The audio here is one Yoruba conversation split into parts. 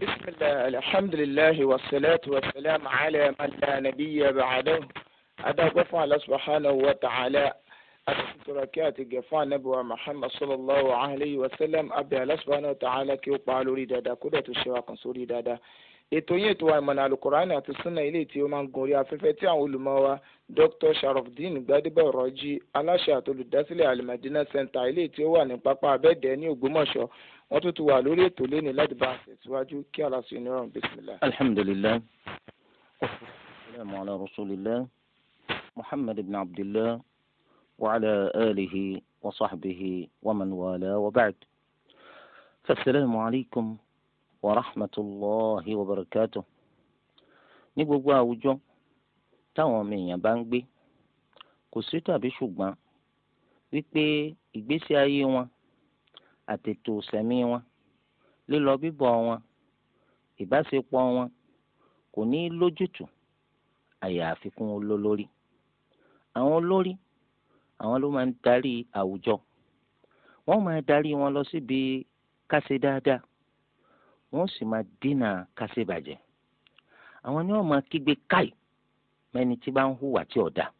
بسم الله الحمد لله والصلاة والسلام على من لا نبي بعده أدعو قفا الله سبحانه وتعالى àtúntúrakẹ́ àti gẹ̀fọ́ anábìwá muhammad sallallahu alayhi wa sallam abẹ́ alásùbánu tààlà kí ó pa á lórí dáadáa kódà tó ṣe wa kan sórí dáadáa. ètò yìí ètò àìmọ̀nà alukur'ani àti sunna ilé tí ó máa ń gun orí afẹ́fẹ́ tí àwọn olùmọ̀ wa dr sharafdin gbadebo ọ̀rọ̀jì aláṣẹ àti olùdásílẹ̀ alimadina center ilé tí ó wà ní pápá abẹ́dẹ́ ní ògbómọ̀ṣọ́ wọ́n tún ti wà lórí ètò lẹ́ni láti bá a tẹ̀síwájú kí aláṣẹ onírọ̀rùn bismillah. alhamdulilayi salaamu ala rasulillah muhammad ibn abdillah wa ala alihi wa sahbihi wa man wala wa ba'd. fasalaamu alaykum wa rahmatulahi wa barakatuh. ní gbogbo àwùjọ táwọn ọmọ èèyàn bá ń gbé kò sí tàbí ṣùgbọ́n wípé ìgbésí ayé wọn àtètò sẹ̀mí wọn lílọ bíbọ̀ wọn ìbáṣepọ̀ wọn kò ní í lójútùú àyàfi kún olólórí àwọn olórí àwọn ló máa ń darí àwùjọ wọ́n máa darí wọn lọ síbi káṣe dáadáa wọ́n sì máa dínà káṣe bàjẹ́ àwọn ni wọ́n máa kígbe káì mẹ́ni tí bá ń hùwà tí ò dáa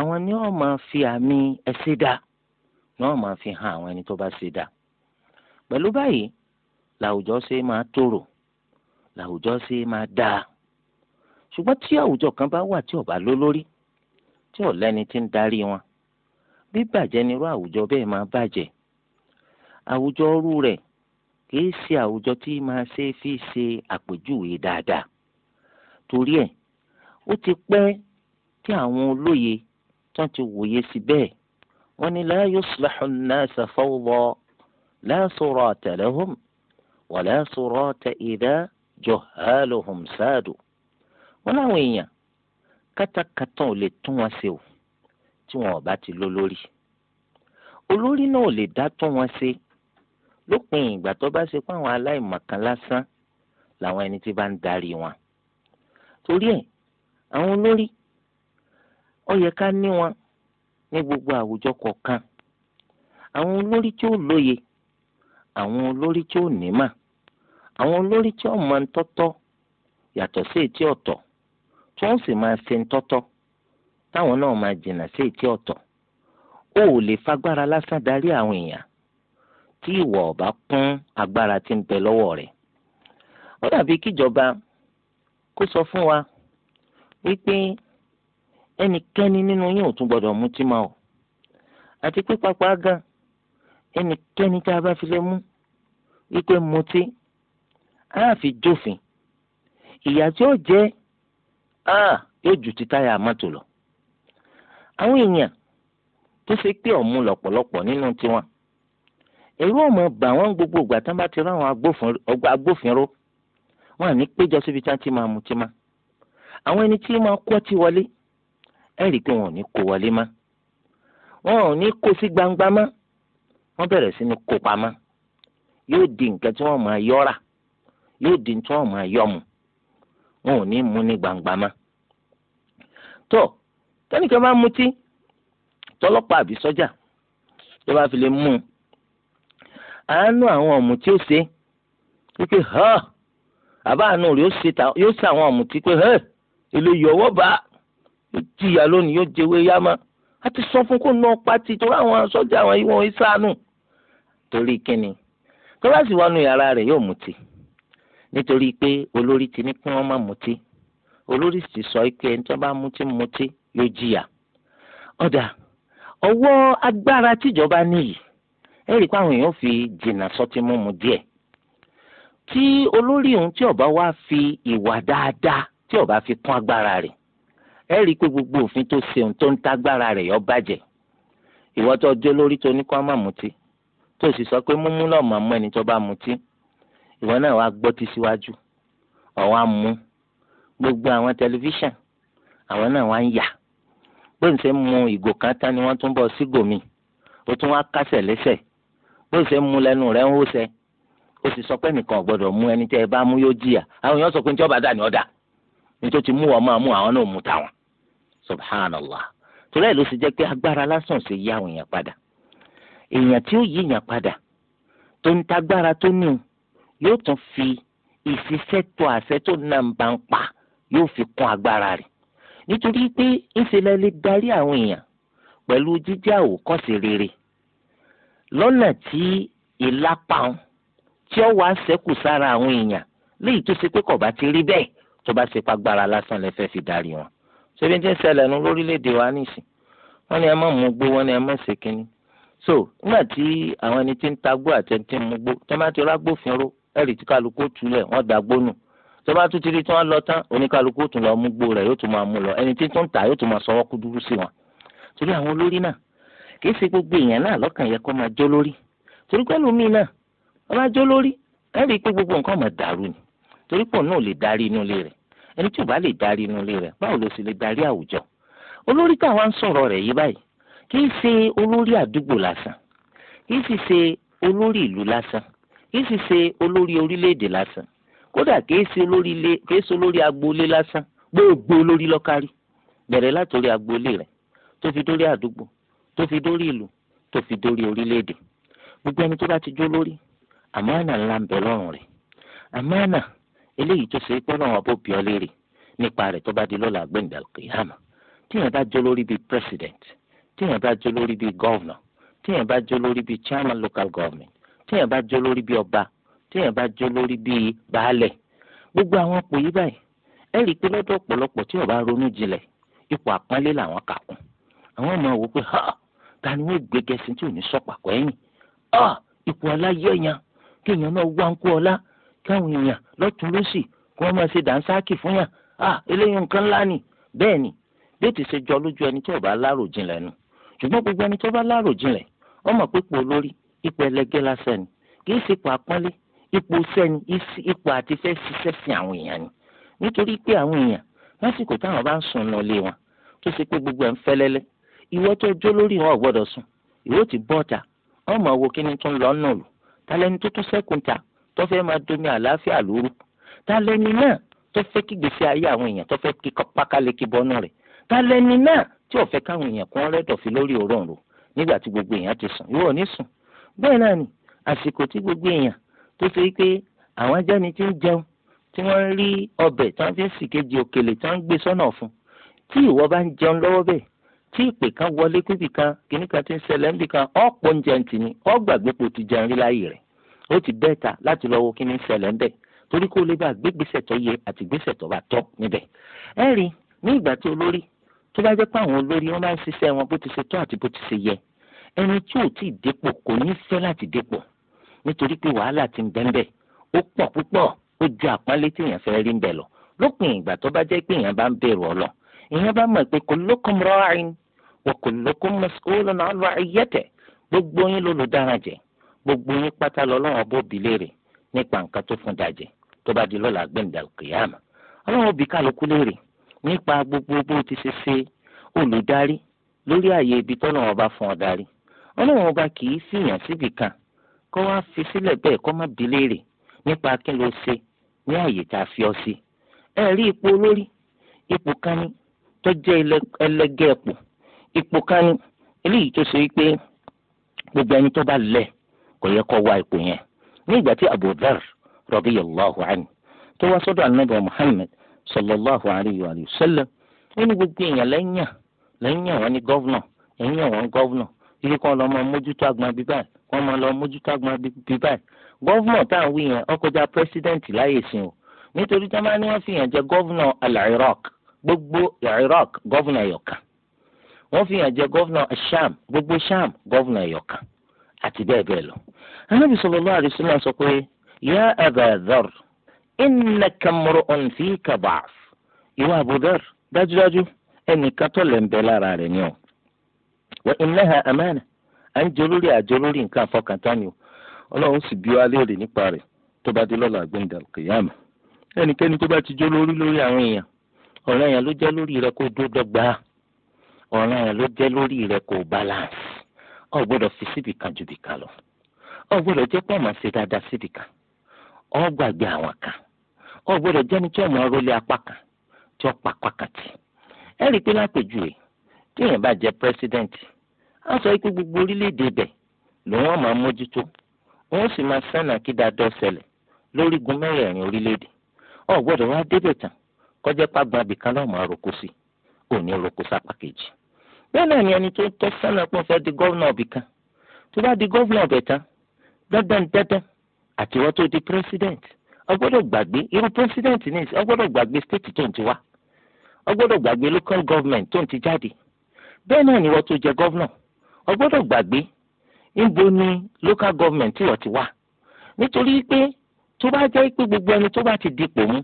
àwọn ni wọ́n máa fi àmì ẹsẹ̀ dáa ni wọ́n máa fi hàn àwọn ẹni tó bá ṣe dà pẹ̀lú báyìí làwùjọ ṣe máa tòrò làwùjọ ṣe máa dáa ṣùgbọ́n tí àwùjọ kan bá wà tí ò bá lólórí tí ò lẹ́ni tí ń darí wọn bí bàjẹ́ nírú àwùjọ bẹ́ẹ̀ máa bàjẹ́ àwùjọ ọrú rẹ̀ kìí ṣe àwùjọ tí máa ṣe fi ṣe àpèjúwe dáadáa torí ẹ̀ ó ti pẹ́ tí àwọn olóye tán ti wòye sí bẹ́ẹ̀ wọ́n ní la yuslihu an-nasa fawda la surata lahum wa la surata idha juhaluhum saadu wọ́n láwọn èèyàn kátàkátà ò lè tún wọn ṣe o tí wọn ò bá ti lọ lórí olórí náà ò lè dá tún wọn ṣe lópin ìgbà tó bá ṣe pé àwọn aláìmọ̀kan lásán làwọn ẹni tí bá ń darí wọn torí ẹ̀ àwọn olórí ó yẹ ká ní wọn ní gbogbo àwùjọ kọ̀ọ̀kan àwọn olórí tí ó lóye àwọn olórí tí ó nímà àwọn olórí tí ó mọ ntọ́tọ́ yàtọ̀ sí etí ọ̀tọ̀ tí wọ́n sì máa ṣe ntọ́tọ́ táwọn náà máa jìnnà sí etí ọ̀tọ̀ ó ò lè fagbára lásán darí àwọn èèyàn tí ìwọ ọba kún agbára tí ń bẹ lọ́wọ́ rẹ̀ ó dàbí kíjọba kó sọ fún wa wípé ẹnikẹ́ni nínú yín ò tún gbọ́dọ̀ mutí máa o àti pé pápá gan ẹnikẹ́ni tá a bá fi lè mú wípé mutí á fi jófin ìyà tí ó jẹ́ á yóò ju ti táyà mọ́tò lọ. àwọn èèyàn tó ṣe pé ọ̀mú lọ̀pọ̀lọpọ̀ nínú tiwọn èrò ọmọ bà wọ́n gbogbo ìgbà tán bá ti ráwọn agbófinró wọn à ní péjọ síbi tí wọ́n ti máa mutí máa àwọn ẹni tí máa kọ́ ti wọlé ẹ rí i pé wọn ò ní kó wọlé má wọn ò ní kó sí gbangba má wọ́n bẹ̀rẹ̀ sí ní kó pamọ́ yóò di nǹkan tí wọ́n máa yọ́ra yóò di tí wọ́n máa yọ́ mu wọn ò ní mú ní gbangba má tó tẹnìkan bá mutí tọlọ́pàá àbí sọ́jà tó bá fi lè mú un àánú àwọn ọ̀mùtí ó ṣe wípé hàn àbá àánú rẹ̀ yóò ṣe àwọn ọ̀mùtí pé hàn èlò ìyọ̀wọ́ bá yóò jìyà lónìí yóò jẹwé yámá a ti sọ fún kó náà pati torí àwọn sọ́jà àwọn yìí wọ́n ìsánú torí kíni tọ́lásì wọnú yàrá rẹ̀ yóò mutí nítorí pé olórí ti ní kí wọ́n má mutí olórí sì sọ pé ẹni tó bá mutí mutí yóò jìyà ọ̀dà ọwọ́ agbára tíjọba níyì ẹ rí i pé àwọn èèyàn fi jìnnà sọtí mímu díẹ̀ tí olórí òun tí ọba wá fi ìwà dáadáa tí ọba fi kún agbára rẹ̀ ẹ rí i pé gbogbo òfin tó ṣeun tó ń tágbára rẹ̀ yọ bàjẹ́ ìwọ tó jó lórí tó ní kó má mutí tó sì sọ pé múmú náà máa mú ẹni tó bá mutí ìwọ náà wàá gbọ́ ti síwájú ọ̀wá mú gbogbo àwọn tẹlifíṣàn àwọn náà wá ń yà bó ń ṣe mu ìgò kan tán ni wọ́n tún bọ́ sígò mi ó tún wá kásẹ̀ lẹ́sẹ̀ bó ń ṣe mu lẹ́nu rẹ̀ ń hóṣẹ́ ó sì sọ pé nìkan ò mú ẹni tẹ́ ẹ bá mú yóò jìyà àwọn èèyàn sọ pé ní tí ọba dà ní ọ̀dà ní tó ti mú wọn máa mú àwọn náà mú tàwọn subhanallah torí ẹ̀ ló sì jẹ́ pé agbára lásán ṣe yá àwọn èèyàn padà èèyàn tí ó yí èèyàn padà tó ń tagbára tó ní o yóò tún fi ìfisẹ́ tó àṣẹ tó náà ń bá ń pa yóò fi kún agbára rẹ̀ nítorí pé ìṣẹ̀lẹ̀ lè darí àwọn èèyàn pẹ̀lú jíjẹ́ àwòkọ́ṣe rere lọ́nà tí ìlápá wọn tí ó wàá ṣẹ́kù sára àwọn èèyàn léyìí tó ṣe pé kò bá ti rí bẹ́ẹ̀ tó bá ṣe pàgbára lásán lè fi darí wọn ṣebí tí ń ṣẹlẹ̀ nu lórílẹ̀‐èdè wa nìsín wọ́n ní ẹ má mú gbó wọ́n ní ẹ má ṣe kínní so nígbà tí àwọn ẹni tí ń tagbó àti ẹni tí ń mú gbó tí wọ́n bá ti rágbófinró ẹ̀rì tí kálukú túlẹ̀ wọ́n dàgbó nù tó bá tún ti rí tí wọ́n lọ tán oníkálukú tún lọ mú gbó rẹ̀ yóò tún máa mú lọ ẹni tí tún tà yóò tún máa sọ wọ́kú dúró sí wọn torí àwọn olórí náà kìí ṣe gbogbo èèyàn náà lọ́kàn yẹ kó máa jó lórí torí pé lómi náà wọ́n máa jó lórí ẹ̀rì pé gbogbo nǹkan máa dàrú ni torí pò náà lè darí inú ilé rẹ̀ ẹni tí ò bá lè darí inú ilé rẹ̀ báwo ló sì lè darí àwùjọ olórí táwa ń sọ̀rọ̀ rẹ̀ yìí báyìí kì í ṣe olórí àdúgbò lásán kì í sì ṣe olórí ìlú lásán kì í sì ṣe olórí orílẹ̀-èdè lásán kódà kì í ṣe olórí ilé kì í ṣe olórí agboolé lásán gbogbo olórí lọ́kárí bẹ̀rẹ̀ látòrí agboolé rẹ̀ tó fi dórí àdúgbò tó fi dórí ìlú tó fi dórí orílẹ̀-èdè gbogbo ẹni tó bá ti jó lórí àmánà ńlá ń bẹ lọ́rùn rẹ̀ àmánà eléyìí tó ṣe pé náà wọn bó bí ọ léèrè nípa rẹ̀ tó bá di lọ́la gbẹ̀ngàn kìyàmà tíyẹn bá jó lórí bíi president tíyẹn bá jó lórí bíi governor tíyẹn bá jó lórí bíi chairman local government tíyẹn bá jó lórí bíi ọba tíyẹn bá jó lórí bíi baálẹ̀ gbogbo àwọn ọ̀pọ̀ yìí báyìí ẹ rí i pé lọ́dọ̀ ọ̀pọ̀lọpọ̀ tí ó ronú jinlẹ̀ ipò àpọ́nlé làwọn kà kún àwọn ọmọ wò pé ha ta ni wọ́n gbé gẹ̀ẹ́sì tí ò ní sọ̀pàkọ́ ẹ̀yìn ah ipò ọlá yẹ̀yàn kéèyàn náà wá ń kó ọlá káwọn èèyàn lọ́tún lọ́sì kí wọ́n máa ṣe dànsáàkì fún yàn ah eléyìí nǹkan ńlá ni bẹ́ẹ̀ ni bí ètò ṣe jọ lójú ẹni tí ò bá lárò jinlẹ̀ nu ṣùgbọ́n gbogbo ẹni tó bá lárò jinlẹ̀ ọmọ pípò olórí ipò ẹlẹgẹ́ lásán ni kì í ṣe ipò àpọ́nlé ipò sẹ́ni ipò àti fẹ́ ṣiṣẹ́ sí àwọn èèyàn ni nítorí pé àwọn èèyàn lásìkò táwọn bá ń sùn lọ lé wọn tó ṣe pé gbogbo ẹ̀ ń fẹ́lẹ́lẹ́ ìwọ tó jó lórí wọn ò gbọ́dọ̀ sùn ìwọ ti bọ́ ọ̀tà ọmọ wo kíni tó ń lọ nù lù tálẹ́ni tó tún sẹ́kùn ta tó fẹ́ máa domi àlàáfíà lóru ta lẹni náà tó fẹ́ kí gbèsè ayé àwọn èèyàn tó fẹ́ kí pákáleke bọ́nú rẹ̀ ta lẹni náà tí ò fẹ́ káwọn èèyàn kún rẹ́dọ̀ fi lórí òróǹro nígbà tí gbogbo èèyàn ti sùn yóò ní sùn bẹ́ẹ̀ náà ni àsìkò tí gbogbo èèyàn tó ṣe pé àwọn ajẹ́ni ti ń jẹun tí wọ́n rí ọbẹ̀ tí wọ́n fi ń sìkejì òkèlè tí wọ́n ń gbé sọ́nà fún tí ìwọ bá ń jẹun lọ́wọ́ bẹ́ẹ̀ tí ìpè kan wọlé pípì kan kìnnìkan ti ń ṣẹlẹ̀ níbì kan ọ̀pọ̀ oúnjẹ ti ni ọ̀gbàgbépo ti jẹun rí láyè rẹ̀ ó ti bẹ́ẹ̀ta láti lọ wo kí ni ṣẹlẹ̀ ń bẹ̀ torí kó lè bá gbégbèsè tó yẹ àti gbèsè tó bá tọ́ níbẹ̀. ẹ rí ní ìgbà tí olórí tó bá jẹ́ pé àwọn olórí wọn máa ń ṣiṣẹ́ wọn bó ti ṣe tọ́ àti bó ti ṣe yẹ ẹni tí ò tí ì dépò kò ní fẹ́ láti dépò nítorí pé wàhálà ti ń bẹ́ńbẹ́ ó pọ̀ púpọ̀ ó ju àpọ́nlé tí èèyàn fẹ́ rí ń bẹ̀ lọ lópin ìgbà tó bá jẹ́ pé èèyàn bá ń bẹ̀rù ọ̀lọ́ èèyàn bá mọ̀ pé kullukum ra'in wa kullukum mas'ulun 'an ra'iyyatihi gbogbo yín ló lò dára jẹ́ gbogbo yín pátá lọ́lọ́run ọbọ̀ bí léèrè nípa nǹkan tó fún dajẹ́ tó bá di lọ́la gbẹ̀ǹdà kìyàmà ọlọ́run bí kálukú léèrè nípa gbogbo bó ti ṣe ṣe olùdarí lórí ààyè ibi tọ́lọ́run ọba fún ọ darí ọlọ́run ọba kì í fìyàn síbì kan kó wá fi sílẹ̀ bẹ́ẹ̀ kó má bí léèrè nípa kí ló ṣe ní ààyè tá a fi ọ sí ẹ rí ipò olórí ipò kan tó jẹ́ ẹlẹgẹ́ ẹ̀pọ̀ ipò kan eléyìí tó ṣe wípé gbogbo ẹni tó bá lẹ̀ kò yẹ kó wá ipò yẹn ní ìgbà tí Abu Dharr radiyallahu anhu tó wá anabi muhammed sallallahu alayhi wa sallam nínú gbogbo èèyàn lẹ́yìn lẹ́yìn àwọn ní gọ́vnà ẹ̀yìn àwọn gọ́vnà ibi kan lọ́ máa mójútó agbọn bíbá ẹ̀ wọ́n máa lọ mójútó agbọn bíbá ẹ̀ gọ́vnà o nítorí tí wọ́n ní fi yàn jẹ gọ́vnà al-Iraq gbogbo Iraq ẹ̀yọ̀kan wọ́n fi yàn Sham gbogbo Sham gọ́vnà ẹ̀yọ̀kan àti bẹ́ẹ̀ bẹ́ẹ̀ lọ. anábì sallallahu alaihi wasallam sọ pé yá Aba Dharr innaka imru'un fika da'f ìwà Abu dájúdájú ẹnìkan tó ń bẹ lára ni ọ́. wa ha amana à ń jẹ olórí nǹkan àfọkàntán ni o ọlọ́run sì bí wa léèrè nípa rẹ tó bá dé lọ́la kìyàmù ẹnikẹ́ni tó bá ti lórí àwọn èèyàn ló jẹ́ lórí kó o si fi síbì kan ju bì kan lọ o gbọ́dọ̀ jẹ́ pé ọmọ ṣe dáadáa síbì kan o gbàgbé àwọn kan o gbọ́dọ̀ tí ọmọ rọlé apá kan tí ó pa apá kan tì ẹ rí i pé lápèjúwe tí èèyàn bá jẹ́ pírẹsidẹ́ǹtì á sọ pé gbogbo orílẹ̀-èdè bẹ̀ lòun ọmọ mójútó wọn sì máa kí dáadọ́ mẹ́rẹ̀ẹ̀rin orílẹ̀-èdè wá débẹ̀ tán kọjá pàgbọ́n abìkan lọ́mọ bẹ́ẹ̀ náà ni ẹni tó tọ́ sọ́nà pọ̀ fẹ́ di gọ́vnà ọ̀bì kan tó bá di gọ́vnà ọ̀bẹ̀ tán dandan dandan àtiwọ́ tó di president ọgbọ́dọ̀ gbàgbé irú president ní ìsìn ọgbọ́dọ̀ gbàgbé state tó ń ti wá ọgbọ́dọ̀ gbàgbé local government tó ń ti jáde bẹ́ẹ̀ náà ni wọ́n tó jẹ gọ́vnà ọgbọ́dọ̀ gbàgbé níbo ni local government tí wọ́n ti wá nítorí pé tó bá jẹ́ pé gbogbo ẹni tó bá ti dipò mú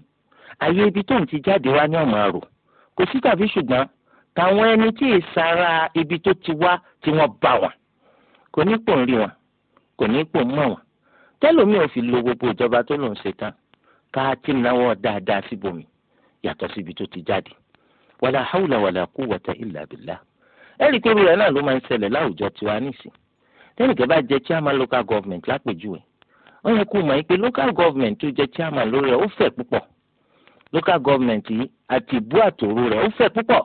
àyè ibi tó ń ti jáde wá ní ọ̀mọ̀ àrò kò sí tàbí ṣùgbọ́n tàwọn ẹni tí ìsara ibi tó ti wá tí wọ́n bá wọn kò ní pò ń rí wọn kò ní pò ń mọ̀ wọn tẹ́lómi ò fi lo gbogbo ìjọba tó lòún ṣe tán ká tí náwó dáadáa síbòmí yàtọ̀ síbi tó ti jáde wàlà haúlà wàlà kú wọ̀tẹ́ ìlà bìlà pé rẹ̀ náà ló máa ń ṣẹlẹ̀ láwùjọ tiwa nísìn tẹ́nìkẹ́ bá jẹ chairman local government lápèjúwe ó yẹ kó mọ̀ pé local government tó jẹ chairman lórí rẹ̀ ó fẹ̀ púpọ̀ local government yìí àti ìbú àtòrò rẹ̀ ó fẹ̀ púpọ̀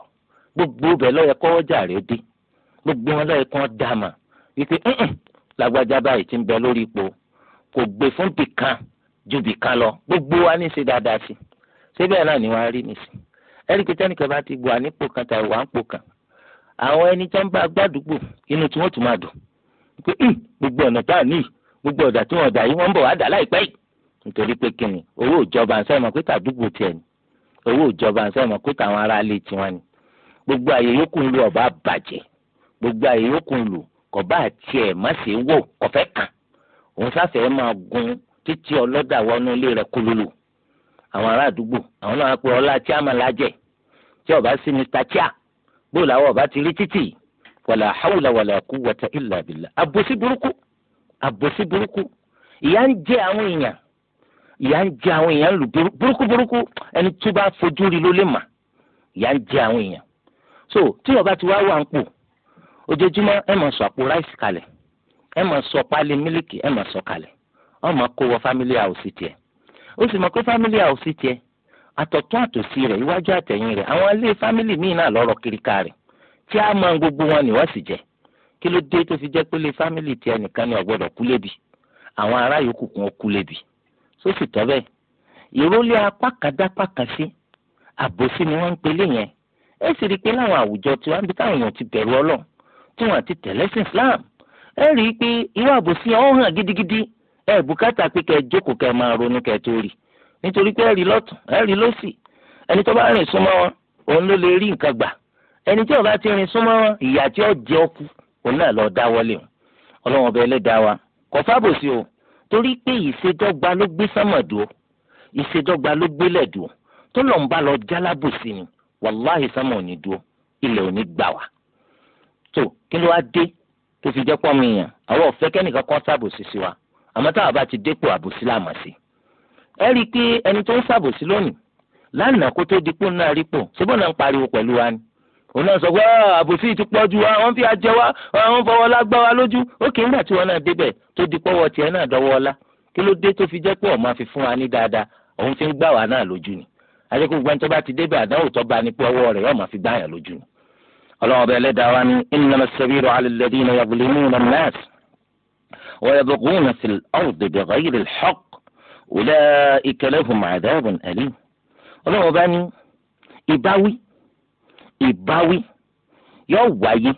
gbogbo bẹ̀ lọ́yẹ kọ́wọ́jà rẹ̀ dé gbogbo wọn lọ́yẹ kàn dàmà wípé lágbájá báyìí ti ń bẹ lórí ipò kò gbé fún bìkan ju bìkan lọ gbogbo wa ní í ṣe dáadáa sí síbẹ̀ náà ni wọ́n á rí nìsín ẹ̀ríkì tẹ́nìkan bá ti gbọ́ ànípò kan tàbí wà á ń pò kan àwọn ẹni tó ń bá gbàdúgbò inú tí wọ́n tún máa dùn pé mm, gbogbo ọ̀nà tá a ní gbogbo ọ̀dà tí wọ́n dà yìí wọ́n ń bọ̀ wá dà láìpẹ́ yìí nítorí pé kíni owó ìjọba ń sẹ́yìn mọ́ pé tàdúgbò tiẹ̀ ni owó ìjọba ń sẹ́yìn mọ́ pé tàwọn ará tiwọn ni gbogbo àyè yòókù ń lu ọba bàjẹ́ gbogbo àyè yòókù ń lu kọba àti ẹ̀ má ṣe wò kọfẹ́ kan òun sáfẹ́ máa gun títí ọlọ́dà wọnú ilé rẹ̀ kúlúlù àwọn ará àdúgbò àwọn náà pe ọlá tí a máa lájẹ tí ọba sí mr chia bó làwọn ọba ti rí títì wàlà hàwùlà wàlà quwwata illa billah àbòsí burúkú àbòsí burúkú ìyà ń jẹ àwọn èèyàn ìyà ń jẹ àwọn èèyàn lù burúkú burúkú ẹni tó bá fojú rí ló mà ìyà ń jẹ àwọn èèyàn so tí ọba ti wá wà ń pò ojoojúmọ́ ẹ máa sọ àpò ráìsì kalẹ̀ ẹ máa sọ páálí mílìkì ẹ máa sọ kalẹ̀ ọ máa kó wọ family house tiẹ̀ ó sì máa kó family house tiẹ̀ àtọ̀tún àtòsí rẹ̀ iwájú àtẹ̀yìn rẹ̀ àwọn ilé family míì náà lọ́rọ̀ kiriká rẹ̀ tí a máa gbogbo wọn ni wọ́n sì jẹ́ kí ló dé tó fi jẹ́ pé ilé family tiẹ̀ nìkan ni ọ̀gbọ́dọ̀ kú lébi àwọn ará yòókù kún ó kú lébi só sì tọ́ bẹ́ẹ̀ ìrólé apá kan kan sí àbòsí ni wọ́n ń pelé yẹn ẹ sì rí i pé láwọn àwùjọ tiwa níbi táwọn èèyàn ti bẹ̀rù ọlọ́run tí wọ́n ti tẹ̀lé sí Islam ẹ rí i pé irú àbòsí ọ̀hún hàn gidigidi ẹ bùkátà pé kẹ jókòó kẹ máa ronú kẹ tó rí nítorí pé ẹ rí lọ́tún ẹ rí lọ́sì ẹni tó bá rìn súnmọ́ wọn òun ló lè rí nǹkan gbà ẹni tí ó ti rìn súnmọ́ wọn ìyà tí ó jẹ ọkù òun náà lọ dáwọ́lé wọn ọlọ́run ọba ẹlẹ́dàá wa kò fábòsí o torí pé ìṣèdọ́gba ló gbé sámọ̀dù o ìṣèdọ́gba ló gbélẹ̀ dù o tó lọ́n bá lọ jálábòsí ni wàláhì sánmà ò ní dúró ilẹ̀ ò ní gbà wá. tó kí ló wá dé tó fi jẹ́ pọ́nmi yàn àwọn ọ̀fẹ́ kẹ́nìkan kan ṣàbòsí sí wa àmọ́ táwa bá ti dépò àbòsí láàmà sí. ẹ rí i pé ẹni tó ń ṣàbòsí lónìí lánàá kó tó di pò náà rí pò síbò náà ń pariwo pẹ̀lú wa ni òun náà sọ pé ah, àbòsí ti pọ̀ ju wa wọ́n fi àjẹ wa wọ́n fọwọ́ lá gbá wa lójú ó kì í gbà tí wọ́n náà débẹ̀ tó di pọ́wọ́ tiẹ̀ náà dọ́wọ́ ọlá kí ló dé tó fi jẹ́ pé ọ̀ máa fi fún wa ní dáadáa òun fi ń gbà wá náà lójú ni àdékù gbẹ́ntọ́ bá ti débẹ̀ àdánwò tó bá ní pé ọwọ́ rẹ̀ yóò máa fi dáyà lójú ni ọlọ́wọ́ bẹ́ẹ̀ lẹ́dàá wa ní innama sabiru ala alladhina yadhlimuna an-nas wa yabghuna fil ardi bighayri al-haqq ulaika lahum adhabun alim ọlọ́wọ́ bá ní ìbáwí ìbáwí yóò wáyé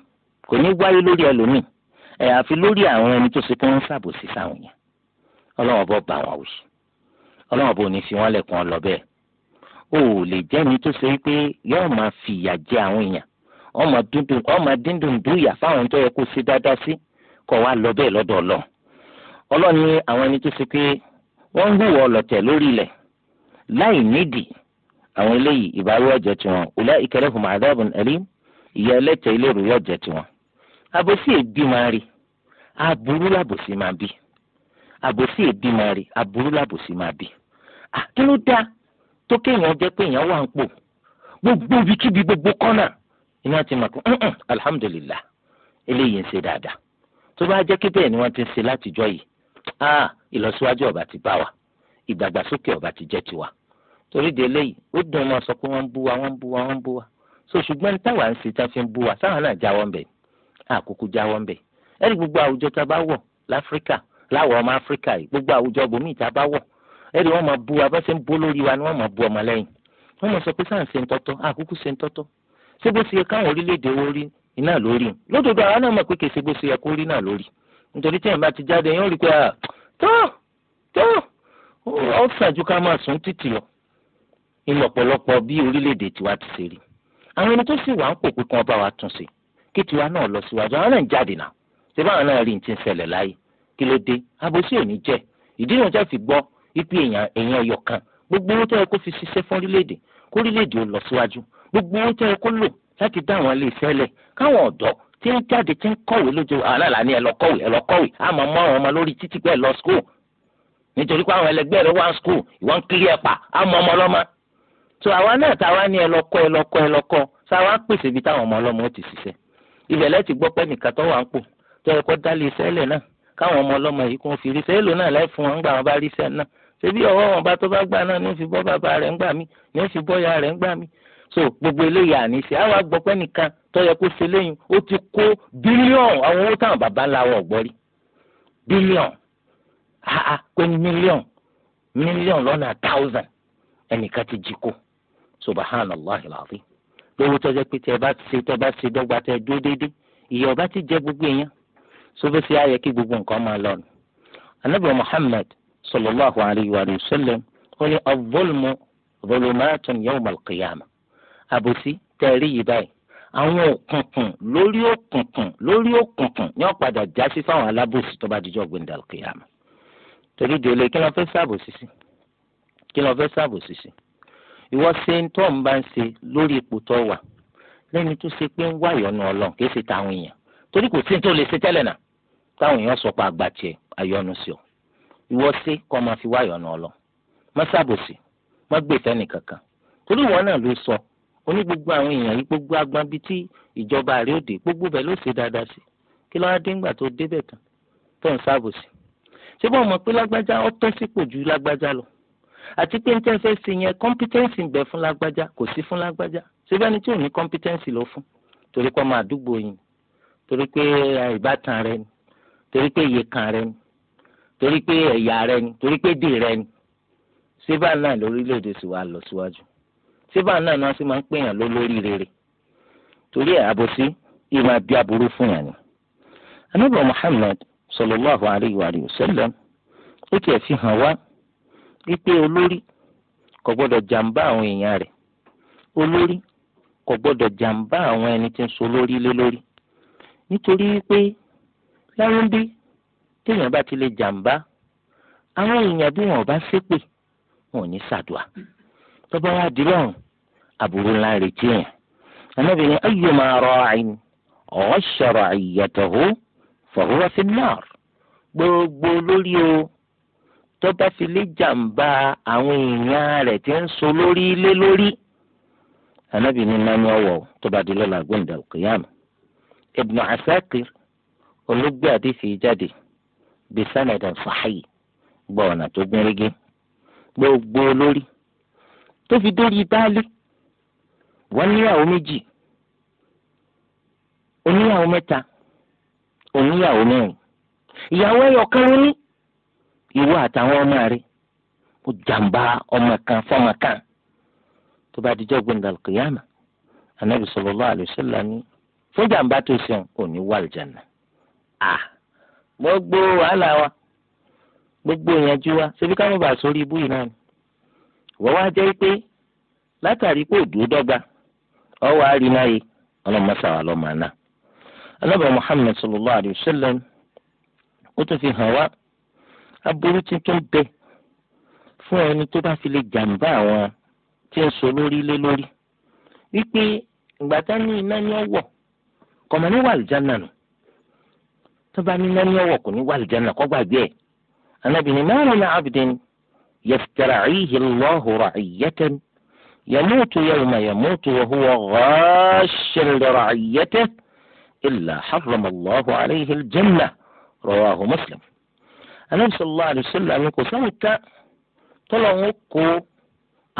kò ní wáyé lórí ẹlòmíì ẹ̀ o ò lè jẹ́ni tó ṣe pé yóò máa fìyà jẹ àwọn èèyàn ọmọ dúndùn ọmọ dídùn dúyà fáwọn tó yẹ kó ṣe dáadáa sí kó wá lọ bẹ́ẹ̀ lọ́dọ̀ ọlọ́ ọlọ́ni àwọn ẹni tó ṣe pé wọ́n ń hùwà ọlọ̀tẹ̀ lórí ilẹ̀ láì nídìí àwọn eléyìí ìbáwí ọ̀jẹ̀ tiwọn ọ̀là ìkẹlẹ́hùn àdáàbùn ẹ̀rí ìyá ẹlẹ́tẹ̀ ilé ìròyìn ọ̀jẹ̀ tiwọn. àbòsí èbí máa rí aburú làbòsí máa bí àbòsí èbí máa rí aburú làbòsí máa bí. àkínú dáa tó kéèyàn jẹ́ pé èèyàn wà ń pò gbogbo ibikíbi gbogbo kọ́nà ìyá ti mọ̀ pé alhamdulillah eléyìí ń ṣe dáadáa tó bá jẹ́ pé bẹ́ẹ̀ ni wọ́n ti ń ṣe látijọ́ yìí ah ìlọsíwájú ọba ti bá wa ìdàgbàsókè ọba ti jẹ́ tiwa torí de eléyìí ó dùn mọ́ sọ pé wọ́n ń bú wa wọ́n ń bú wa wọ́n ń bú wa so ṣùgbọ́n táwa ń ṣe tá fi ń bú wa sáwọn náà jáwọ́ ń bẹ̀ àkókò jáwọ́ ń bẹ̀ ẹ̀rí gbogbo àwùjọ tá a bá wọ̀ láfíríkà láwọ̀ ọmọ áfíríkà yìí gbogbo àwùjọ bòmíì tá bá wọ̀ ẹ̀rí wọn máa bu abáṣe ń bó lórí wa ni wọ́n máa bu ọmọ lẹ́yìn wọ́n máa sọ pé sáà ń ṣe ń tọ́tọ́ àkókò ṣe ń tọ́tọ́ ṣé bó ṣe yẹ káwọn orílẹ̀-èdè wo rí iná lórí lódodo àwa náà mọ̀ pé kèsì bó ṣe yẹ kó rí náà lórí nítorí tí ẹ̀mbá ti jáde yóò rí pé tó tó ó sàn ju ká máa sùn títì lọ ilẹ̀ ọ̀pọ̀lọpọ̀ bí orílẹ̀-èdè tiwa ti ṣe rí àwọn ẹni tó sì wà ń pò pé kí wọ́n bá wa tún ṣe kí tiwa náà lọ síwájú àwọn náà ń jáde náà ṣé báwọn náà rí ní ti ń ṣẹlẹ̀ láyé kí ló dé àbòsí ò ní jẹ́ ìdí ìrìn ipi èèyàn èèyàn ẹyọ kan gbogbo owó tó yẹ kó fi ṣiṣẹ́ fún orílẹ̀-èdè kó orílẹ̀-èdè ó lọ síwájú gbogbo owó tó yẹ kó lò láti dá àwọn ilé iṣẹ́ káwọn ọ̀dọ́ tí ń jáde tí ń kọ̀wé lójú aláàlá ni ẹ lọ kọ̀wé ẹ lọ kọ̀wé a máa mú àwọn ọmọ lórí títí pẹ́ lọ skul nítorí pé àwọn ẹlẹgbẹ́ rẹ wá skul ìwọ́n ń kiri ẹ̀pà a mọ ọmọ ọlọ́mọ tó àwa náà táwa ní ẹ lọ kọ́ ẹ lọ kọ́ ẹ sáwa ń pèsè ibi táwọn ọmọ ọlọ́mọ ti ṣiṣẹ́ ibẹ̀ lẹ́ti gbọ́ pé nìkan tó wà ń pò tó yẹ dálé iṣẹ́ lẹ̀ náà káwọn ọmọ ọlọ́mọ yìí kó fi ríṣẹ́ èlò náà láì fún wọn gbà wọn bá ríṣẹ́ náà ṣebí ọwọ́ wọn bá tó bá gbà náà ní ó fi bọ́ bàbá rẹ̀ ń gbà mí ní ó fi bọ́ ya rẹ̀ ń gbà mí so gbogbo eléyà àníṣe àwa gbọ́pẹ́ nìkan tó yẹ kó ṣe lẹ́yìn ó ti kó bílíọ̀n àwọn owó táwọn bàbá ńlá wọn gbọ́ rí bílíọ̀n àá pé mílíọ̀n mílíọ̀n lọ́nà táùsàn ẹnìkan ti jí kó subhanallah alazim lówó tó jẹ́ pé tẹ́ bá ṣe tẹ́ bá ṣe dọ́gba tẹ́ dúró déédéé ìyá ọba ti jẹ gbogbo èèyàn sóbẹ́sẹ̀ ayẹ kí gbogbo nǹkan máa lọ nù anábìyàn Muhammad صلى الله عليه وآله وسلم قال الظلم ظلمات يوم القيامة al-qiyamah àbòsí tẹ̀rí yìí báyìí àwọn òkùnkùn lórí òkùnkùn lórí òkùnkùn ní ó padà jásí fáwọn alábòsí tó bá dijọ́ gbẹ̀ndà al-qiyamah torí délé kí ló fẹ́ ṣàbòsí sí kí ló fẹ́ ṣàbòsí sí ìwọ ṣe ń tọ́ ń bá ń ṣe lórí ipò tó wà lẹ́ni tó ṣe pé ń wá ìyọnu ọlọ́run kì ṣe táwọn èèyàn torí kò sí ní tó lè ṣe tẹ́lẹ̀ náà táwọn èèyàn sọ pé àgbà tiẹ̀ àyọnu sí ọ ìwọ sí kọ́ máa fi wáyọ̀ náà lọ má ṣàbòsí má gbé tẹ́nì kankan torí ìwọ náà ló sọ oní gbogbo àwọn èèyàn yìí gbogbo agbọn bíi tí ìjọba rẹ òde gbogbo bẹ́ẹ̀ ló ṣe dáadáa sí kí ló wá dé ńgbà tó débẹ̀ tán tó ń ṣàbòsí ṣé bọ́ọ̀ mọ̀ pé lágbájá ó tọ́ sípò ju lágbájá lọ àti pé níta fẹ́ ṣe yẹn kọ́mpítẹ́ǹsì ń bẹ fún lágbájá kò sí fún lágbájá síbẹ̀ ni tí ò ní kọ́mpítẹ́ǹsì ló fún torí pé ọmọ àdúgbò yìí torí pé eh, ìbátan rẹ ni torí pé iye kan rẹ ni torí pé ẹ̀yà rẹ ni torí pé dè rẹ ni síbà náà lórílẹ̀‐èdè sì wà lọ síwájú síbà náà náà sì máa ń pèèyàn lólórí rere torí ẹ̀ àbòsí ìmọ̀ àbí aburú fún yàn ni. anábì Muhammad sallallahu alayhi wa sallam ó tiẹ̀ fi hàn wá wípé olórí kò gbọ́dọ̀ jàǹbá àwọn èèyàn rẹ̀ olórí kò gbọ́dọ̀ jàǹbá àwọn ẹni tí ń so lórí lé lórí nítorí pé láwọn bíi téèyàn bá ti lè jàǹbá àwọn èèyàn bí wọn ò bá ṣépè wọn ò ní ṣàdùà tọ́ba wa di lọ́rùn àbúrò ńlá retí yẹn anábì ní ayyuma ra'in ghashsha ra'iyatahu fahuwa fi nnar gbogbo lórí o tọ́ba fi lè jàǹbá àwọn èèyàn rẹ̀ tí ń so lórí ilé lórí anábì ní nání ọwọ́ tọ́ba di lọ́la gbẹ̀ǹdà ibnu asakir olùgbé àdìsí jáde bí sanadin sahi gbọ́ ọ̀nà tó gbẹ́rẹ́gẹ́ gbogbo olórí tó fi dórí baálé wọ́n níyàwó méjì oníyàwó mẹ́ta oníyàwó mẹ́rin ìyàwó ẹ̀yọ̀ kan ní ìwọ àtàwọn ọmọ rẹ̀ ó jàǹbá ọmọ kan fọmọ kan tó bá dijọ́ gbẹ̀ndàlù kìyàmà anabi sallallahu alaihi wasallam fún jàǹbá tó ṣe òní wà lìjànà ah gbogbo wàhálà wa gbogbo ìyànjú wa ṣebí ká má bàa sórí ibú yìí náà ni wọ́n wá jẹ́ pé látàrí pé òdúró dọ́gba ọwọ́ àárín náà yìí ọlọ́mọṣà wà lọ́mọ àná. alábà Muhammad sallallahu alayhi wa sallam ó tún fi hàn wá aburú tuntun bẹ fún ẹni tó bá fi lè jàǹbá àwọn tí ń sọ lórí lé lórí wípé ìgbà tá iná ni ó wọ̀ kọ̀mọ̀ ní wàlìjánà nù tó bá ní nání ọwọ́ kò ní wà lìjánà kọ́ gbàgbé ẹ̀ anábìnrin náà rẹ̀ ní abidin yastara'ihi Allahu ra'iyatan yamutu yawma yamutu wa huwa ghashin li ra'iyatihi illa harrama Allahu alayhi al-janna rawahu Muslim. anábì sallallahu alayhi wa sallam kò sẹ́ni ká tọ́lọ́hún kó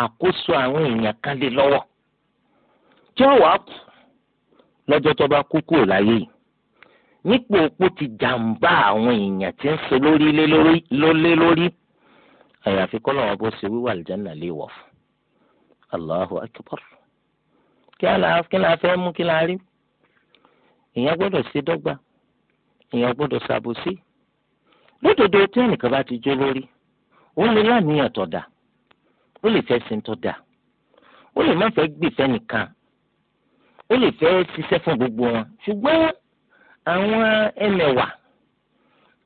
àkóso àwọn èèyàn kan lọ́wọ́ tí wọ́n wàá kú lọ́jọ́ tó bá kú kúrò láyé yìí nípò òpó ti jàǹbá àwọn èèyàn tí ń ṣe lórí lólé lórí àyàfi kọ́ lọ́wọ́ bó ṣe wíwà àlùjáná lè wọ̀ fún Allahu akbar kí la fẹ́ mú kí la rí èèyàn gbọ́dọ̀ ṣe dọ́gba èèyàn gbọ́dọ̀ ṣàbòsí lódodo tí ẹnìkan bá ti jó lórí ó lè láníyàn tó dáa ó lè fẹ́ sin tó dáa ó lè má fẹ́ gbèfẹ́ nìkan ó lè fẹ́ ṣiṣẹ́ fún gbogbo wọn ṣùgbọ́n àwọn ẹlẹ́wà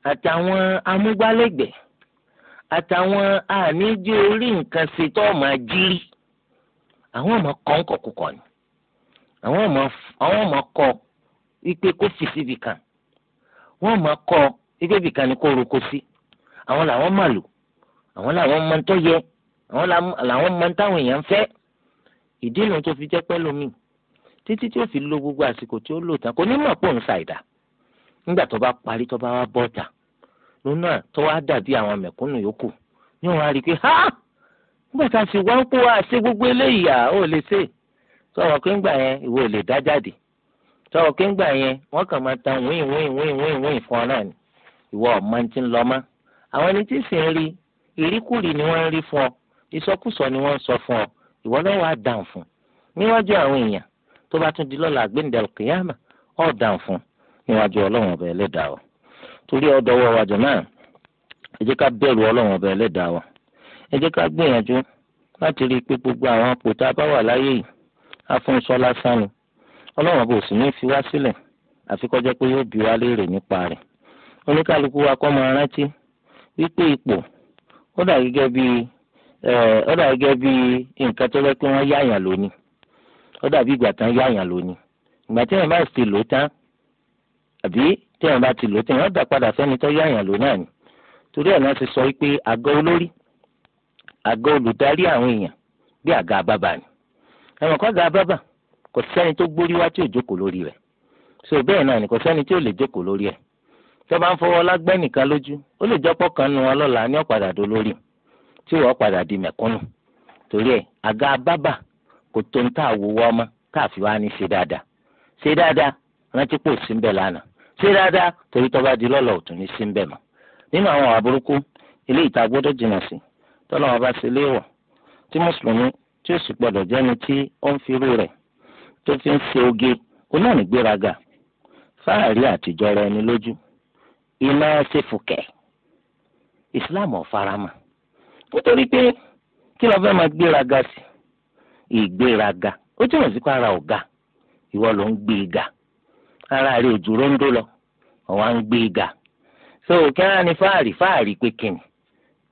àtàwọn amúgbálẹ́gbẹ̀ẹ́ àtàwọn àníjẹ orí nǹkan ṣe tó máa jírí àwọn ọmọ kọ́ńkọ̀ kọ̀ọ̀kan ni àwọn ọmọ àwọn ọmọ kọ wípé kó fi síbi kan wọ́n máa kọ wípé ibìkan ni kó roko sí àwọn làwọn mà lò àwọn làwọn máa ń tọ́ yẹ àwọn làwọn máa ń táwọn èèyàn fẹ́ ìdí nu tó fi jẹ́ pẹ́ lómi títí tí ó fi lo gbogbo àsìkò tí ó lò tán kò ní mọ̀ pò ń ṣàìdá nígbà tó bá parí tó bá wá bọ́ ta lónà tó wá dàbí àwọn mẹ̀kúnnù yòókù ní òun á rí i pé ha nígbà tá a sì wá ń kó wa ṣe gbogbo eléyìí à ó lè ṣe sọ̀rọ̀ pé ńgbà yẹn ìwọ ò lè dá jáde sọ̀rọ̀ pé ńgbà yẹn wọ́n kàn máa ta wíìn wíìn wíìn wíìn wíìn fún ọ náà ni ìwọ ọ̀mọ ti ń lọ mọ́ àwọn ẹni tí sì ń rí ìríkùrì ni wọ́n ń rí fún ọ ìsọkúsọ ni wọ́n ń sọ fún ọ ìwọ lọ́wọ́ á dàn fún níwájú àwọn èèyàn tó bá tún di lọ́la àgbéǹde alkiyama ọ̀ dàn fún níwájú ọlọ́run ọba ẹlẹ́dàá wa torí ọ̀dọ̀ wọ wa jọ̀mọ́ ẹ jẹ́ ká bẹ̀rù ọlọ́run ọba ẹlẹ́dàá wa ẹ jẹ́ ká gbìyànjú láti rí i pé gbogbo àwọn apò tá a bá wà láyé yìí á fún iṣọ́ lásán ni ọlọ́run ọba ò sì ní fi wá sílẹ̀ àfi kó jẹ́ pé yóò bi wá léèrè nípa rẹ̀ oníkálukú wa kọ́ máa rántí wípé ipò ó dà gẹ́gẹ́ bí nǹkan tó jẹ́ pé wọ́n yáyàn lónìí ó dàbí ìgbà tán yáàyàn lónìí ìgbà tí èèyàn bá ti lò tán àbí tí èèyàn bá ti lò tán èèyàn dà padà sẹ́ni tó yáàyàn lò náà ni torí ẹ̀ náà ti sọ pé àgọ́ olórí àgọ́ olùdarí àwọn èèyàn bí àga bábà ni ẹ̀wọ̀n kọ́ àga bábà kò sẹ́ni tó gbórí wá tí ò jókòó lórí rẹ̀ so bẹ́ẹ̀ náà ni kò sẹ́ni tí ò lè jókòó lórí ẹ̀ tó bá ń fọwọ́ lágbẹ́ nìkan lójú ó lè jọ́pọ̀ kan nu ọlọ́la ní ọ̀padà dolórí tí wọ́n padà di mẹ̀kúnnù torí ẹ̀ àga bábà kò tó ń tà wúwọ́ ọmọ tá a fi wá ní ṣe dáadáa ṣe dáadáa rántí pò sí ń bẹ̀ lánàá ṣe dáadáa torí tọ́ba di lọ́lọ́ òtún ní sí ń bẹ̀ mọ́ nínú àwọn àbúrúkú ilé ìta gbọ́dọ̀ jìnnà sí tọ́lọ́ wọn bá ṣe léèwọ̀ tí mùsùlùmí tí ó sì gbọ́dọ̀ jẹ́ni tí ó ń firú rẹ̀ tó fi ń ṣe oge onáàní gbéraga fáàrí àtijọ́ rẹ ni lójú iná ṣe fùkẹ́ ìsìláàmù ọ̀farama nítorí pé kí lọ́ọ́ fẹ́ máa gbéraga sí ìgbéraga ó túmọ̀ sí pé ara ọga. ìwọ ló ń gbé ga ara rẹ ò dúró lọ ọ̀wá ń gbé ga so kí ara ni fáàrí fáàrí pé kìnnì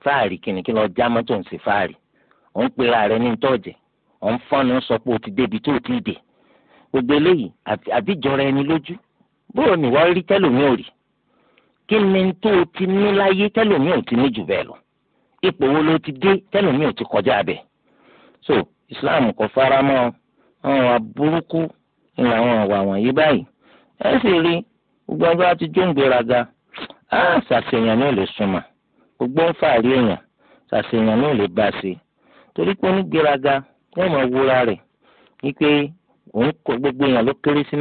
fáàrí kìnnì kí lọ já mọ́tò ń ṣe fáàrí ò ń pera rẹ ní tọ́jẹ̀ ò ń fọ́nà sọ ti débi tó o ti gbogbo eléyìí àbíjọra ẹni lójú bóò ní wọ́n o ti ní láyé ò ti ní jù bẹ́ẹ̀ lọ ipò ti dé ò ti kọjá so islam kò fara mọ́ àwọn aburúkú ni àwọn àwà wọ̀nyí báyìí ẹ sì rí gbogbo ọjọ́ àti jóńgbéraga á ṣàṣeyàn náà lè súnmọ́ gbogbo ń fàárí èèyàn náà lè bá a ṣe torí pé onígbéraga yóò máa wúra rẹ wípé òun kọ gbogbo èèyàn ló kéré sí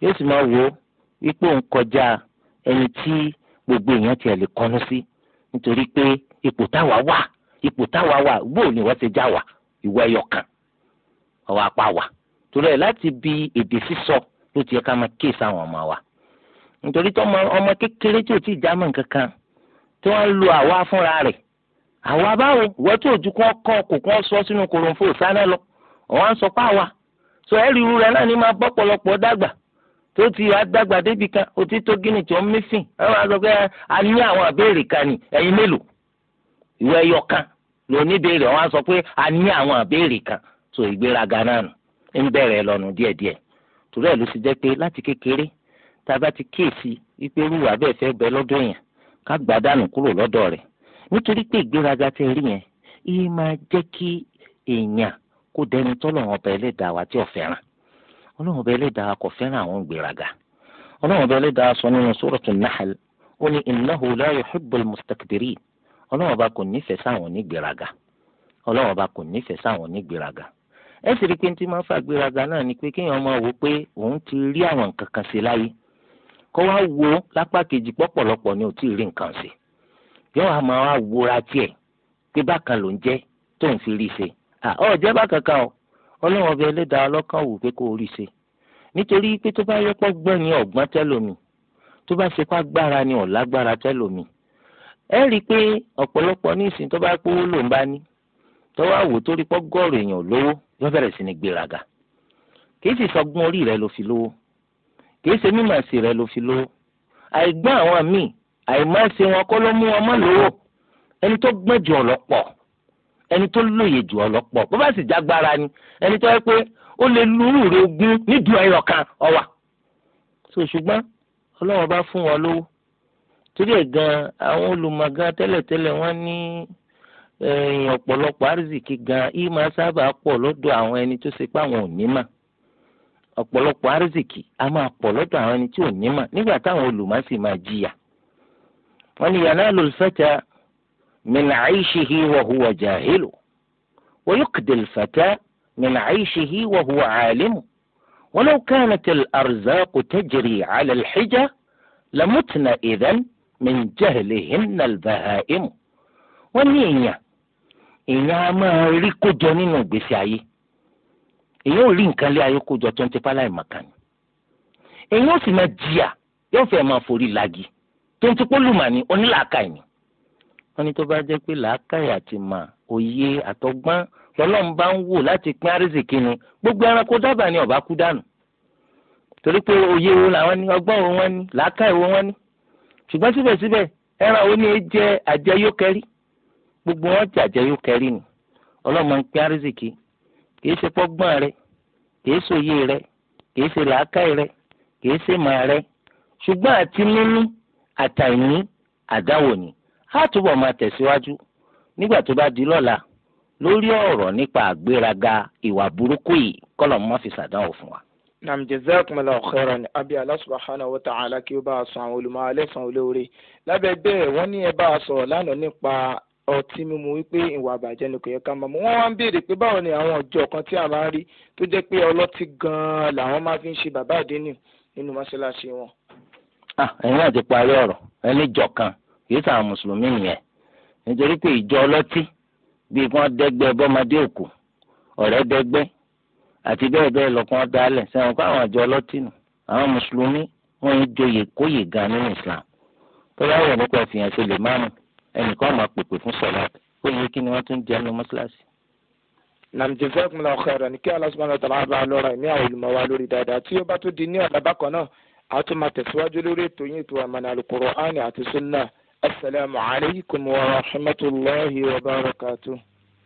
yóò sì máa wò ó gbogbo èèyàn tiẹ̀ lè kọnu sí nítorí pé ipò táwa wà ipò táwa ìwọ ẹyọ kan ọwọ apá wa torí ẹ láti bi èdè sísọ ló ti yẹ ká máa kíyèsí àwọn ọmọ wa nítorí tó ọmọ kékeré tí ò tí ì já mọ́ nǹkan kan tí wọ́n ń lo àwa fúnra rẹ̀ àwa báwo ìwọ tí òjú kan kọ kò kàn sọ sínú kòròǹfò sáná lọ ọ̀wọ́n á sọ pé àwa sọ ẹ́ ríru rẹ̀ náà ní máa bọ́ pọ̀lọpọ̀ dàgbà tó ti àdàgbà débi kan òtítọ́ gíní tó ń mífìn ẹ wọ́n sọ pé a ní àwọn àbẹ́ẹ̀rẹ̀ kan ní ẹ̀yin mélòó ìwọ kan lóníbèrè wọn á sọ pé a ní àwọn àbèrè kan so ìgbéraga náà nù ń bẹ̀rẹ̀ lọ́nu díẹ̀díẹ̀ torí ẹ̀ ló ti jẹ́ pé láti kékeré tá a bá ti kíyèsí wípé rúwà bẹ́ẹ̀ fẹ́ bẹ lọ́dọ̀ yẹn ká gbàdánù kúrò lọ́dọ̀ rẹ̀ nítorí pé ìgbéraga tẹ rí yẹn ko máa jẹ́ kí èèyàn kó dẹni ọba ẹlẹ́dàá wa tí ò fẹ́ràn ọlọ́run ọba ẹlẹ́dàá wa kò fẹ́ràn ọlọ́run ọba kò nífẹ̀ẹ́ sáwọn onígbèraga ọlọ́run ọba kò nífẹ̀ẹ́ sáwọn onígbèraga ẹ sì rí i pé tí máa ń fa gbèraga náà ni pé kéèyàn máa wò pé òun ti rí àwọn nǹkan kan ṣe láyé kó wá wo lápá kejì pọ̀pọ̀lọpọ̀ ni ò tí ì rí nǹkan ṣe yóò wá máa wá wúra tiẹ̀ pé bákan ló ń jẹ́ tó ń fi rí ṣe ọ̀ jẹ́ bákan kan o ọlọ́run ọba ẹlẹ́dàá ọlọ́kàn wù pé kó rí ṣe nítorí pé tó bá yẹ gbọ́n ni ọ̀gbọ́n tẹ́lómi tó bá ṣe pá gbára ni ọ̀lágbára tẹ́lómi ẹ rí i pé ọ̀pọ̀lọpọ̀ ní ìsìn tó bá pówó ló ń bá ní tó wá wò tó rí pọ́gọ́rù èèyàn lówó yóò bẹ̀rẹ̀ sí ní gbéraga kìí sì sọgbọ́n orí rẹ ló fi lówó kìí ṣe mímọ̀ sí rẹ ló fi lówó àìgbọ́n àwọn míì àìmọ̀ọ́sí wọn kọ́ ló mú wọn mọ́ lówó ẹni tó gbọ́n jù ọ̀lọ́pọ̀ ẹni tó lóye jù ọ̀lọ́pọ̀ bó bá sì jágbára ni ẹni tó yẹ pé ó lè lúrú rẹ ogún nídùú ẹyọ kan ọwà so ṣùgbọ́n ọlọ́wọ́n bá fún wọn lówó torí ẹ̀ gan àwọn olùmọ̀gá tẹ́lẹ̀tẹ́lẹ̀ wọ́n ní eyin ọ̀pọ̀lọpọ̀ àrísìkí gan yìí máa sábà pọ̀ lọ́dọ̀ àwọn ẹni tó ṣe pé àwọn ò ní mà ọ̀pọ̀lọpọ̀ àrísìkí a máa pọ̀ lọ́dọ̀ àwọn ẹni tí ò ní mà nígbà táwọn olùmọ̀ sì máa jìyà wọ́n ní yanalul fata min aishihi wa huwa jahilu wa yuqdil fata min aishihi wa huwa won lo law kanat al-arzaq tajri ala al-hija lamutna idhan min jahlihinna al-baha'im wọ́n ní èèyàn èèyàn á máa rí kójọ nínú ìgbésí ayé èèyàn ò rí nǹkan lé ayé kójọ tó ń tipa láì màkà ni èèyàn ò sì máa jìyà yóò fẹ́ máa forí lagi tó ń tipó lùmàní onílàákàyè ni wọ́n ní tó bá jẹ́ pé làákàyè àti mà òye àtọ́gbọ́n lọ́lọ́run bá ń wò láti pín àrísìkí ni gbogbo ẹranko dábàá ni ọ̀bá kú dànù torí pé òye wo làwọn ní ọgbọ́n wo wọ́n ní làákàyè wo wọ́n ní ṣùgbọ́n síbẹ̀síbẹ̀ ẹran òní jẹ́ àjẹyókẹ́rí gbogbo wọn jẹ́ àjẹyókẹ́rí ni ọlọ́mọ ń pín àrísìkì kìí ṣe pọ́gbọ́n rẹ kìí ṣòye rẹ kìí ṣe làákàyè rẹ kìí ṣe màá rẹ ṣùgbọ́n àti níní àtàìní àdáwò ni á túbọ̀ máa tẹ̀síwájú nígbà tó bá di lọ́la lórí ọ̀rọ̀ nípa àgbéraga ìwà burúkú yìí kọ́lọ̀ mọ́ fi ṣàdánwò fún wa. nam jazakumala khairan abi Allah subhanahu wa ta'ala kí ó bá a sọ àwọn olùmọ̀ alẹ́ sàn olóore lábẹ́ bẹ́ẹ̀ wọ́n ní ẹ bá a sọ̀rọ̀ lánàá nípa ọtí mímu wípé ìwà àbàjẹ́ ni kò yẹ ká máa mú wọ́n wá ń béèrè pé báwo ni àwọn ọjọ́ kan tí a máa ń rí tó jẹ́ pé ọlọ́tí gan-an làwọn máa fi ń ṣe bàbá àdínì nínú mọ́ṣáláṣí wọn. Ah, ẹ̀yin náà ti parí ọ̀rọ̀ ẹni jọ kì í sàn mùsùlùmí nìyẹn nítorí pé ìjọ ọlọ́tí bíi kí wọ́n dẹ́gbẹ́ bọ́mọdé òkú ọ̀rẹ́ dẹ́gbẹ́ àti bẹ́ẹ̀ bẹ́ẹ̀ lọ́kàn dálẹ̀ sẹ́wọ̀n kó àwọn àjọ ọlọ́tìnù àwọn mùsùlùmí wọ́n ń joyè kóyè gan nínú islam tó bá wọ̀ nípa ìfìyàn ṣe lè máàmù ẹnìkan máa pèpè fún sọ̀lá ó yẹ kí ni wọ́n tún jẹ́ nu mọ́ṣáláṣí. nàmjẹ fẹkùn la ọkọọrọ ní kí alásùmọlá tàlá bá a lọ́rọ̀ ní àwọn olùmọwà lórí dáadáa tí ó bá tó di ní ọ̀dà bákan náà a tún máa tẹ̀síwájú lórí ètò yìí ètò àmàlà alukur'ani àti sunna asalaamualeykum wa rahmatulahi wa barakatuh.